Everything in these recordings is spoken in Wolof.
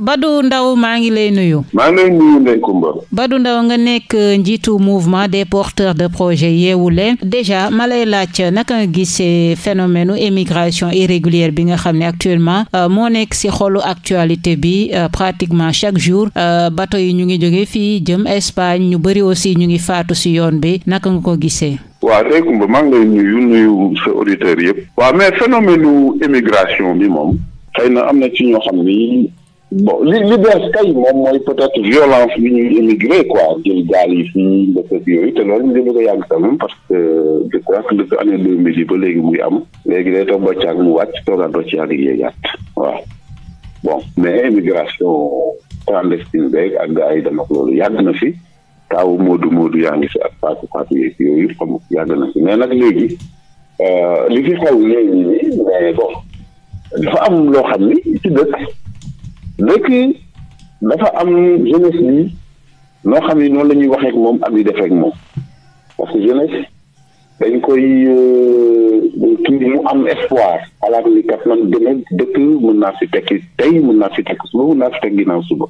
Badou Ndao maa ngi lay nuyu. maa ngi lay nuyu Ndao nga nekk njiitu mouvement des porteurs de projet yeewu leen déjà ma lay laaj naka nga gisee phénomène émigration irrégulière bi nga xam ne actuellement euh, moo nekk ci xolu actualité bi euh, pratiquement chaque jour euh, bato yi ñu ngi jóge fii jëm Espagne ñu bari aussi ñu ngi faatu ci yoon bi naka nga ko gisee. waaw Ndeye Comba maa ngi lay nuyu nuyu sa auditeurs yëpp. waaw mais phénomène émigration bi moom xëy na am bo li li bees kay moom mooy peut-être violence bi ñuy émigré quoi jël gaal yi fii mbëkk loolu ñu ngi yàgg quand parce que je crois que depuis année deux mille yi ba léegi muy am léegi day toog ba caag mu wàcc toogaat ba caag yéegaat waaw bon mais ak gars yi dama loolu yàgg na fi kaaw Moodu Moodu yaa ngi fi ak Fatou Fatou yeeg yooyu yàgg na fi mais nag léegi euh, li fi xaw léegi nii mais bon dafa am loo xam ni ci dëkk. dëkk dafa am jeunesse bi noo xam ne noonu la ñuy waxee moom ak di defee ak moom parce que jeunesse dañ koy kii euh, mu am espoir xalaat ni kat man demee dëkk mun naa fi tekki tey mun naa fi tekki suba mën naa fi tekk ginnaaw suba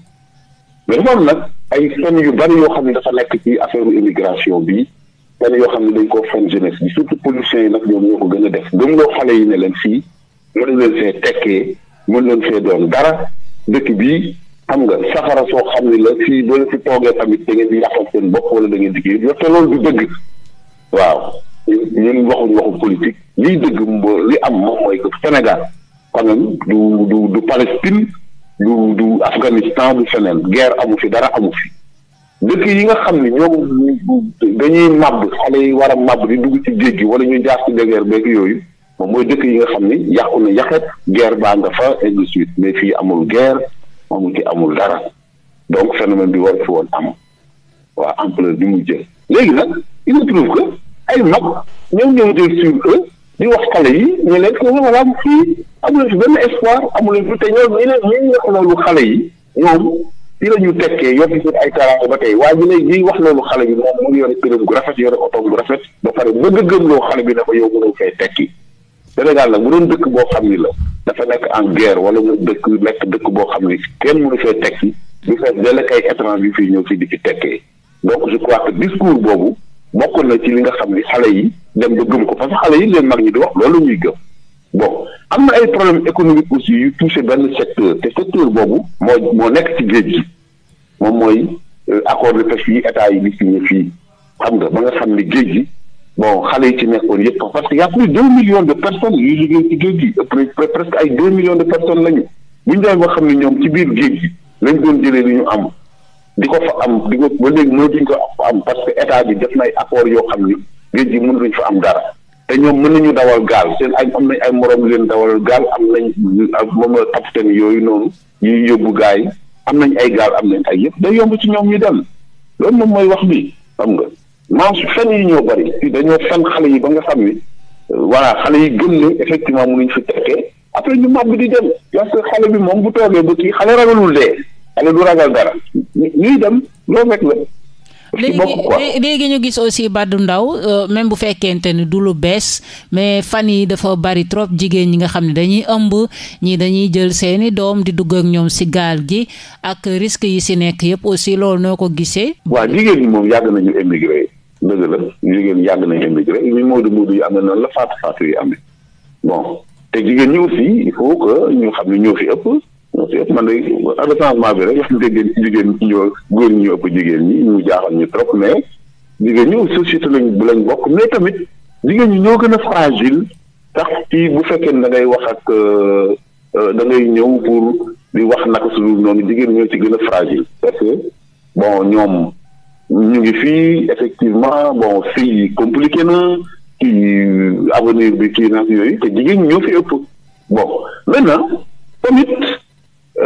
mais moom am nag ay fen yu bari yoo xam ne dafa nekk ci affaire immigration bi fen yoo xam ne dañ koo fen jeunesse bi surtout policiers yi nag ñoom ñoo ko gën a def gëm loo xale yi ne leen fii mën leen fee tekkee mën leen fee doon dara dëkk bi xam nga safara soo xam ne la fii boo leen fi toogee tamit da ngeen di yàqal seen bopp wala da ngeen di kii te loolu du dëgg waaw ñun waxuñ waxu politique liy dëgg li am moom mooy que Sénégal quand même du du du Palestine du du Afghanistan du feneen guerre amu fi dara amu yi nga xam ne ñoom dañuy màbb xale yi war a màbb di dugg ci géej gi wala ñu jaar ci désert beeg yooyu moom mooy dëkk yi nga xam ni yàqu na yàqet guerre baa nga fa et de suite mais fii amul guerre moom ci amul dara donc phénomène bi war fi woon am waa ampleur bi mu jël léegi nag il se trouve que ay mag ñoom ñoo jël sur eux di wax xale yi ñu leen ko voilà fii amuleen fi benn espoir amuleen fi te ñoom ñu leen ñu wax loolu xale yi ñoom ci la ñu tekkee yor ci seen ay taraanga ba tey waaye ñu ne ñuy wax loolu xale bi moom mu ngi yore këram gu rafet yore otoom gu rafet ba pare bëgg gëm loo xale bi ne ko yow mënoo fay tekki Sénégal nag bu doon dëkk boo xam ni la dafa nekk en guerre wala mu dëkk nekk dëkk boo xam ni kenn mënu fee teg si du fees dalek ay étranger yu fii ñëw fii di ci tekkee donc je crois que discours boobu bokk na ci li nga xam ni xale yi dem ba gëm ko parce que xale yi leen mag ñi di wax loolu ñuy gëm bon am na ay problème économique aussi yu touché benn secteur te secteur boobu moo moo nekk ci géej gi moom mooy euh, accord de pêche yi état yi di signé fii xam nga ba nga xam ni géej gi bon xale yi ci nekkoon yëpp parce que y' a plus de deux millions de personnes yuy liggéey ci géej gi presque ay deux millions de personnes lañu bu ñu doon xam ne ñoom ci biir géej gi lañ doon jëlee li ñu am di ko fa am di ko ba léegi mënatuñ ko fa am parce que état bi def na ay accords yoo xam ni géej gi mënatuñ fa am dara te ñoom mën nañu dawal gaal seen ay am nañ ay morom leen dawal gaal am nañ moom la capitaine yooyu noonu yuy yóbbu yi am nañ ay gaal am nañ ay yëpp day yomb ci ñoom ñu dem loolu moom mooy wax bi xam nga. maanaam su fen yi ñoo bëri dañoo fen xale yi ba nga xam ni voilà xale yi gëm ne effectivement mënuñ fi tekkee après ñu màbb di dem parce que xale bi moom bu toogee ba kii xale ragalul dee xale du ragal dara ñuy ñu gis aussi Badou Ndao euh, même bu fekkente ni du lu bees mais fan yi dafa bari trop jigéen ñi nga xam ne dañuy ëmb ñi dañuy jël seeni doom di dugg ak ñoom si gaal gi ak risque yi si nekk yépp aussi loolu noo ko gisee. waaw jigéen ñi moom yàgg nañu dëgg la jigéen yàgg nañu immigré ñu moodu moodu yi amee noonu la faatu faatu yi amee bon te jigéen ñi aussi il faut que ñu xam ni ñoo fi ëpp ñoo fi ëpp man bi rek wax dëgg jigéen ñoo góor ñi ñoo jigéen ñi ñu jaaxal ñu trop mais jigéen ñi société lañ bu lañ bokk mais tamit jigéen ñi ñoo gën a fragile sax ci bu fekkee ne dangay wax ak euh, euh, da ñëw pour di wax naka su dul noonu jigéen ñoo ci gën a fragile parce que bon ñoom ñu ngi fii effectivement bon fii compliqué na kii avenir bi kii nag yooyu te jigéen ñoo fi ëpp bon maintenant tamit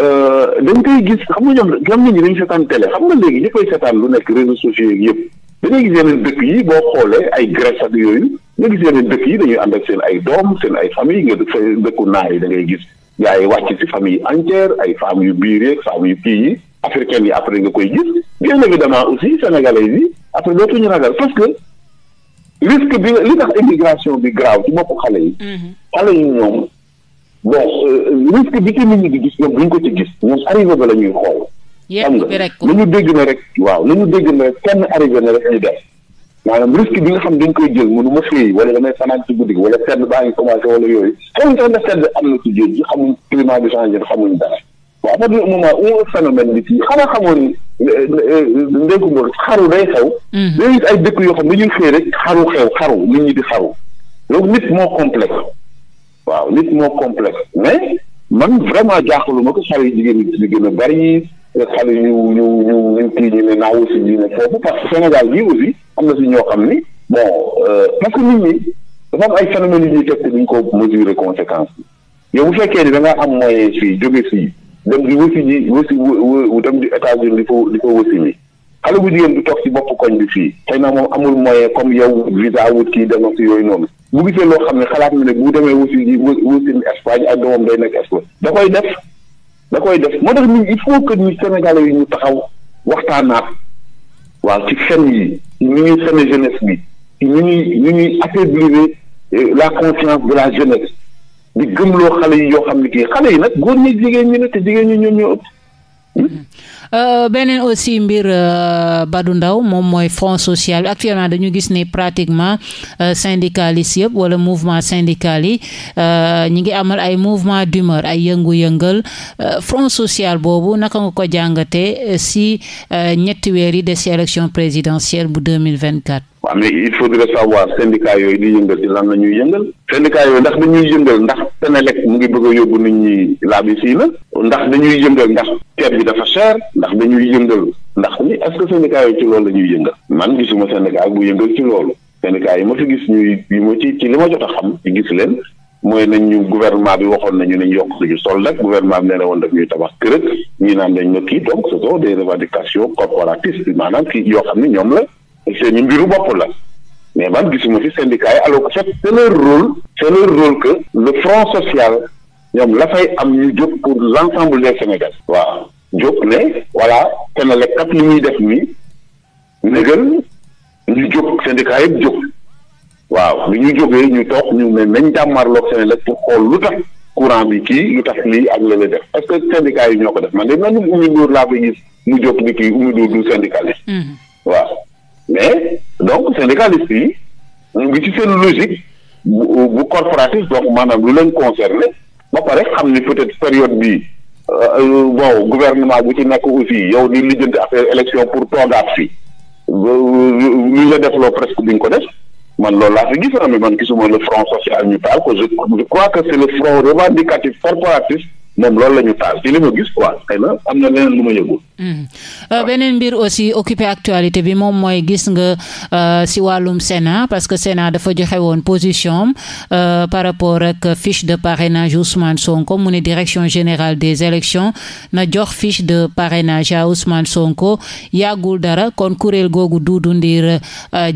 euh, dañ koy gis xam nga ñoom xam nañu dañu seetaan télé xam nga léegi ñi ay seetaan lu nekk réseaux sociaux yi yëpp da ngay gis yeneen dëkk yi boo xoolee ay Grèce ak yooyu nga gis yeneen dëkk yi dañuy ànd ak seen ay doom seen ay famille nga dëkku naar yi dangay gis gaa yi wàcc ci famille entière ay femmes yu biir yeeg femmes yu kii yi africain yi après nga koy gis bien évidemment aussi sénégalais yi après dootuñu ragal parce que risque bi li tax immigration bi grave ci bopp xale yi. Mhm. xale yi ñoom bon euh, risque bi ci nit ñi di gis ñoom duñ ko ci gis ñoom arrivé ba la ñuy xool. xam nga lu ñu dégg na rek waaw lu ñu dégg na rek kenn arrivé na rek ñu def maanaam risque bi nga xam dañ koy jël mënu ma fii wala damay fanaan ci guddi gi wala sedd baa ngi commencé wala yooyu xamuñ am na ci géej gi xamuñ climat bi changé xamuñ dara. à partir du moment où un phénomène bi fii xanaa xamoon ndénku moom xaru day xew. Mm-hmm. day gis ay dëkk yoo xam ne ñuy rek xaru xew xaru nit ñi di xaru donc nit moo complexe waaw nit moo complexe mais man vraiment ma ko xale yu jigéen ñi di gën a bari xale yu ñu ñu ñu kii ñu ne naawu si ñu ne foofu parce que Sénégal bii aussi am na si ñoo xam ni bon euh, parce que nit ñi dafa am ay phénomènes yi ñuy teg te duñ ko mesurer conséquence yow bu fekkee ni da ngaa am mooy si jóge fii. dem di wësi ji wësi wu dem di États-Unis di fa di fa wësi ji xale bu jigéen bi toog ci bopp koñ bi fii xëy na moom amul moyen comme yow visa wut kii dem ak yooyu noonu bu gisee loo xam ne xalaat na ne bu demee wësi ji wësi Espagne ak doomam day nekk Espagne da koy def da koy def moo tax nit il faut que ñu Sénégalais yi ñu taxaw waxtaanaat waaw ci fen yi ñu ñuy sene jeunesse bi ñu ñuy ñu ñuy affaiblir eh, la conscience de la jeunesse di gëmloo xale yi yoo xam ne kii xale yi nag góor ñi jigéen ñi ne te jigéen ñi ñoom ñoo ëpp. Hmm. Euh, beneen aussi mbir euh, Badou moom mooy front sociale bi actuellement dañu gis ni pratiquement euh, syndicalistes yëpp wala mouvement syndical yi ñi ngi amal ay mouvement d'humeur ay yëngu-yëngal front social boobu naka nga ko jàngate si ñetti de yi des ci élection présidentielle bu 2024 waa mais il faudrait savoir syndicat yooyu di yëngal ci lan la ñuy yëngal syndicat yooyu ndax dañuy yëngal ndax Senelec mu ngi bëgg a yóbbu nit ñi laab yi sii la ndax dañuy yëngal ndax ceeb bi dafa cher ndax dañuy yëngal ndax li est-ce que yooyu ci loolu la ñuy yëngal man gisuma syndicat bu yëngal ci loolu syndicat yi ma fi gis ñuy yi ma ci ci li ma jot a xam gis leen mooy nañ ñu gouvernement bi waxoon nañu ne ñu yokk suñu solde ak gouvernement bi nee na woon daf ñuy tabax naan dañ ma kii donc ce sont des yoo xam ne ñoom la seen i mbiru bopp la mais man gisuma ci syndicat yi alors que c'est leur rôle c'est leur rôle que le front social ñoom la fay am ñu jóg pour l'ensemble des Sénégalais waaw jóg ne voilà Senelec kat li ñuy def nii négal ñu jóg syndicat yëpp jóg waaw bi ñu jógee ñu toog ñu ne nañ jàmmarloog Senelec pour xool lu tax courant bi kii lu tax lii ak la la def parce que yi ñoo ko def man de nañu Oumy Ndour laa ba gis mu jóg ni kii Oumy Ndour du syndicaliste mm-hmm. mais donc syndicaliste yi ñu ngi ci seen logique bu bu corporatif donc maanaam lu leen concerné ba pare xam ni peut-être période bi euh, euh, bon gouvernement bu ci nekk aussi yow ni lijjanti affaire élection pour toogaat fi lu la defloo presque duñ ko def man loolu laa fi gis na man gisuma le front social ñu taal ko je crois que c'est le front revendicatif corporatif Hmm. Euh, beneen mbir aussi occupé actualité bi moom mooy gis nga euh, si wàllum Sénat parce que Sénat dafa joxe woon position am euh, par rapport ak fiche de parrainage Ousmane Sonko mu ne direction général des élections na jox fiche de parrainage à Ousmane Sonko yàggul dara kon kuréel googu Doudou Ndir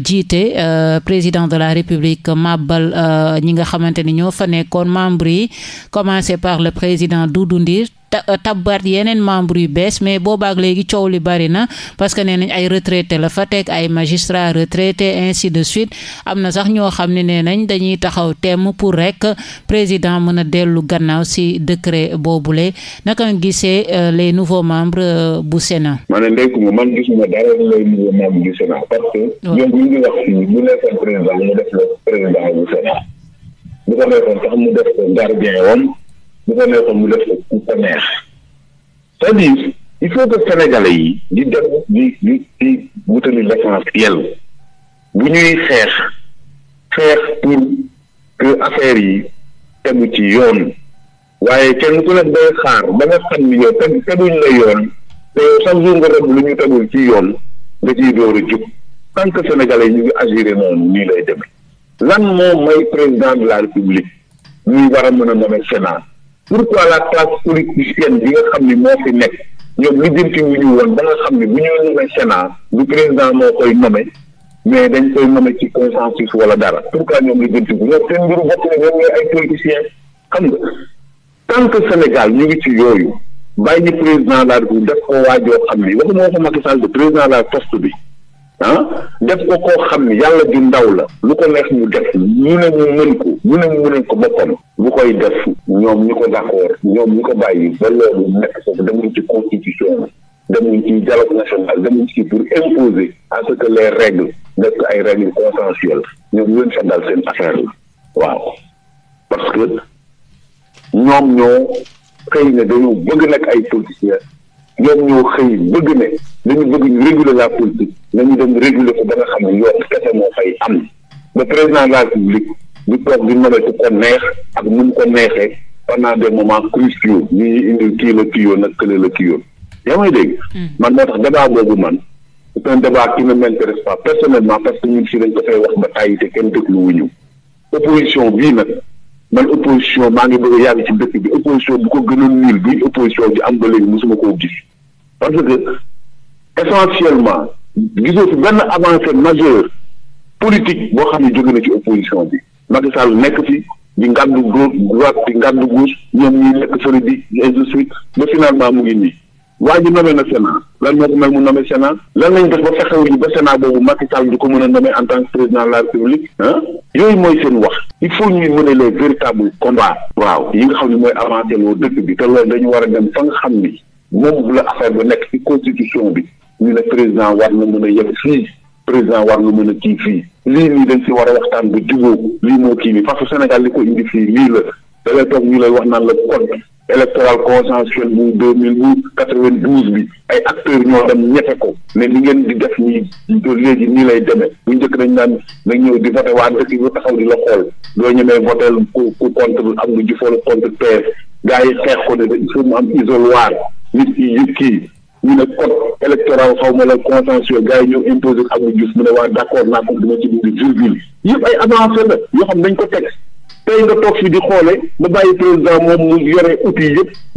jiite président de la République màbbal ñi nga xamante ni ñoo fa nekkoon membre yi commencé par le président. Doudou Ndir euh, tabbaat yeneen membre yu bees mais boobaak léegi coow li bari na parce que nee nañ ay retraité la fa teg ay magistrat retraité ainsi de suite am na sax ñoo xam ne nee nañ dañuy taxaw temm pour rek président mën a dellu gannaaw si décret boobule naka gisee euh, les nouveaux membres euh, bu Sénat. ma ne man gisuma dara les nouveaux membres du Sénat parce que. mu def ko gardien woon. bu ko neexoon mu def neex cest à il faut que sénégalais yi di dem di di di wutali l'essentiel bu ñuy xeex xeex pour que affaire yi tegu ci yoon waaye kenn ku nekk day xaar ba nga xam ni yow teg la yoon te yow jour nga dem lu ñu tegul ci yoon nga ciy door jub tant que sénégalais ñu ngi agiré noonu nii lay demee lan moo may président de la république ñuy war a mën a nommer sénat pourquoi la classe politicienne bi nga xam ni moo fi nekk ñoom lijjanti wu ñu woon ba nga xam ni bu ñu nommé Sénat du président moo koy nommé mais dañ koy nommé ci consensus wala dara pourquoi ñoom lijjanti wu ñoom seen mbiru bopp ne ñoom ñooy ay politiciens xam nga tant que Sénégal ñu ngi ci yooyu bàyyi ñu président de la République def ko waajoo xam ni waxuma waxuma Macky Sall de président de la poste bi. ah def ko koo xam ne yàlla ju ndaw la lu ko neex mu def ñu ne mu mën ko ñu ne mu mënal ko boppam bu koy def ñoom ñi ko d'accord ñoom ñi ko bàyyi ba loolu nekk foofu demuñ ci constitution bi demuñ ci dialogue national demuñ ci pour imposer à ce que les règles def ko ay règles consensuelles ñoom ñu leen dal seen affaire la waaw parce que ñoom ñoo xëy na dañoo bëgg nag ay politiciens ñoom ñoo xëy bëgg ne dañu bëgg ñu réguler la politique nañu dem réguler ko ba nga xam ne yoon kese moo fay am ba président de la république di toog di mënatu ko neex ak nu mu ko neexee pendant des moments cruciaux ñuy indi kii la kii yoon ak kële la kii yoon yaa may dégg hmm. man moo tax débat boobu man c'est un débat qui ne m'intéresse pas personnellement parce que ñun fii dañ ko fay wax ba tàyyi te kenn dégluwuñu opposition bii nag man opposition maa ngi bëgg a yàgg ci dëkk bi opposition bu ko gënoon niil bi opposition bi am ba léegi mosuma koo gis parce que essentiellement gisoo fi benn avancée majeure politique boo xam ne jóge na ci opposition bi Macky Sall nekk fi di ngàddu droite di ngàddu gauche ñoom ñuy nekk sori bi ainsi de suite ba finalement mu ngi nii waa ji nommé na Sénat lan moo mel mu nommé Sénat lan lañ def ba fexewuñu ba Sénat boobu Macky Sall ko mën a nommé en tant que président de la République ah yooyu mooy seen wax il faut ñuy mener les véritables combats waaw yi nga xam ne mooy avancé loo dëkk bi te loolu dañu war a dem fa nga xam ni moom la affaire ba nekk ci constitution bi ñu ne président war na mën a yegg fii président war na mën a kii fii lii nii dañ si war a waxtaan ba jubóo lii moo kii bi parce que Sénégal li ko indi fii lii la da ngay toog ñu lay wax naan la code électoral consensuel bu deux mille bu quatre vingt douze bi ay acteurs ñoo dem ñefe ko ne li ngeen di def nii léegi nii lay demee bu njëkk dañ naan nañ ñëw di voté waa dëkk bi taxaw di la xool doo ñemee voté ku ku contre Abdou Diouf wala contre PS gars yi xeex ko ne il mu am isoloir nit yi yëg kii ñu ne code électoral xaw ma la consensuel gars yi ñëw imposé mu ne waa d' accord naa ko duma ci dindi virgule ay avancé la yoo xam dañ ko teg tey nga toog fii di xoole moom mu yore outils yëpp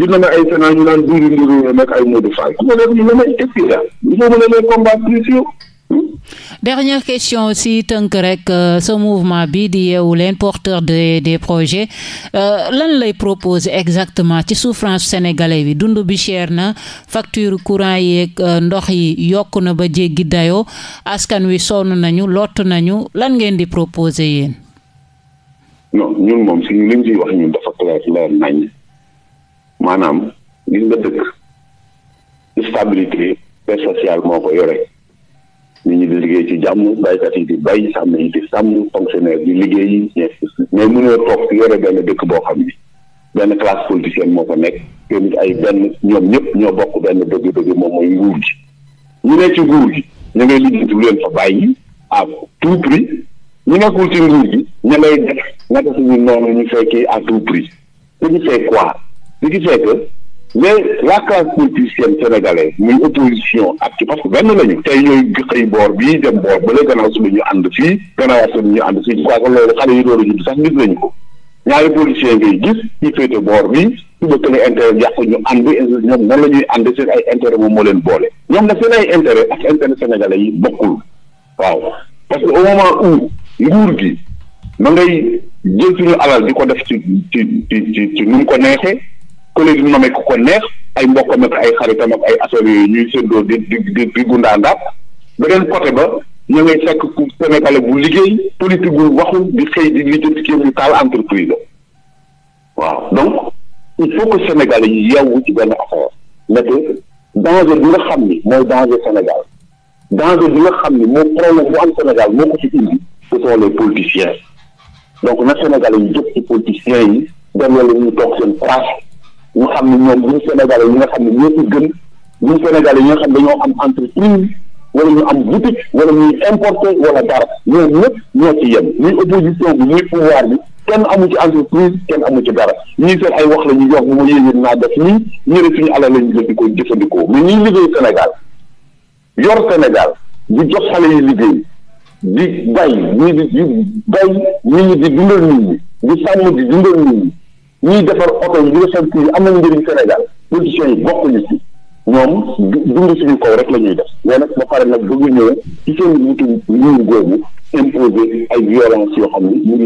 di question si tënk rek ce euh, mouvement bi di yeewu leen porteur de des projets euh, lan lay proposer exactement ci souffrance sénégalais bi dund bi cher na facture courant yeeg euh, ndox yi yokk na ba jéggi dayoo askan wi sonn nañu lot nañu lan ngeen di proposer yéen non ñun moom si liñ ciy wax ñun dafa clair leer nañ maanaam gis nga dëkk stabilité paix sociale moo ko yore nit ñi di liggéey ci jàmm baykat yi di bay sàmm yi di sàmm fonctionnaire di liggéey yi mais mënoo toog yore benn dëkk boo xam ni benn classe politicienne moo ko nekk te ay benn ñoom ñëpp ñoo bokk benn bëgg-bëgg moom mooy nguur gi ñu ne ci nguur gi ñu ngay liggéey du leen fa bàyyi à tout prix ñu nekkul ci nguur gi ña ngay def naka suñu noonu ñu fekkee à tout prix ce qui fait quoi ce qui fait que politicienne sénégalaise muy opposition ak ci parce que benn lañu tey ñooy xëy boor bii dem boor bële gannaaw suba ñu ànd fii gannaaw suba ñu ànd fii quoi que loolu xale yi door a judd sax gis nañu ko ñaari politiciens ngay gis ci féete boor bi suba kële intérêt yàqu ñu ànd ñoom nan la ñuy ànd seen ay intérêt moom moo leen boole ñoom na seen ay intérêt ak intérêt sénégalais yi nguur gi ma ngay jël suñu alal di ko def ci ci ci ci nu mu ko neexee ku leen di nommer ko neex ay mbokkam ak ay xaritam ak ay assoles yooyu ñuy séddoo di di di di gundaandaat côté ba ñu ngay fekk ku Sénégalais bu liggéey politique bu waxul di xëy di lijjanti kii ñu taal entreprise la waaw donc il faut que Sénégalais yi yeewu ci benn affaire nekk danger bi nga xam ni mooy danger Sénégal danger bi nga xam ni moo problème bu am Sénégal moo ko ci indi. ce sont les donc na Sénégal yi jóg ci politiciens yi dem la ñuy toog seen place ñu xam ne ñoom ñun Sénégal yi nga xam ne ñoo ci gën ñun Sénégal yi nga xam ne dañoo am entreprise wala ñu am boutique wala ñuy importer wala dara ñoom ñëpp ñoo ci yem ñuy opposition bi ñuy pouvoir bi kenn amu ci entreprise kenn amu ci dara ñii seen ay wax la ñu jox bu ma yéegee naa def nii ñu ne ñu alal la ñu di ko jëfandikoo mais ñuy liggéey Sénégal yor Sénégal di jox xale yi liggéey di bay ñii di di bay nit ñi di dundal nit ñi di sàmm di dundal nit ñi ñuy defar oto yi di defar kii am na njëriñ Sénégal politiciens yi bokkuñu ci ñoom dund suñu kaw rek la ñuy def mais nag ba pare nag bëgg ñëw ci seen wutu nguur googu merci ay violence yoo xam ne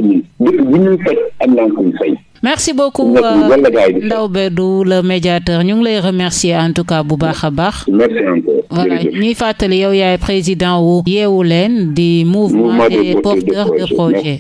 ñu euh, médiateur ñoo ngi lay remercier en tout cas bu baax a baax. merci ñuy fàttali yow yaay président wu. yeewu leen di mouvement des porteurs de projet.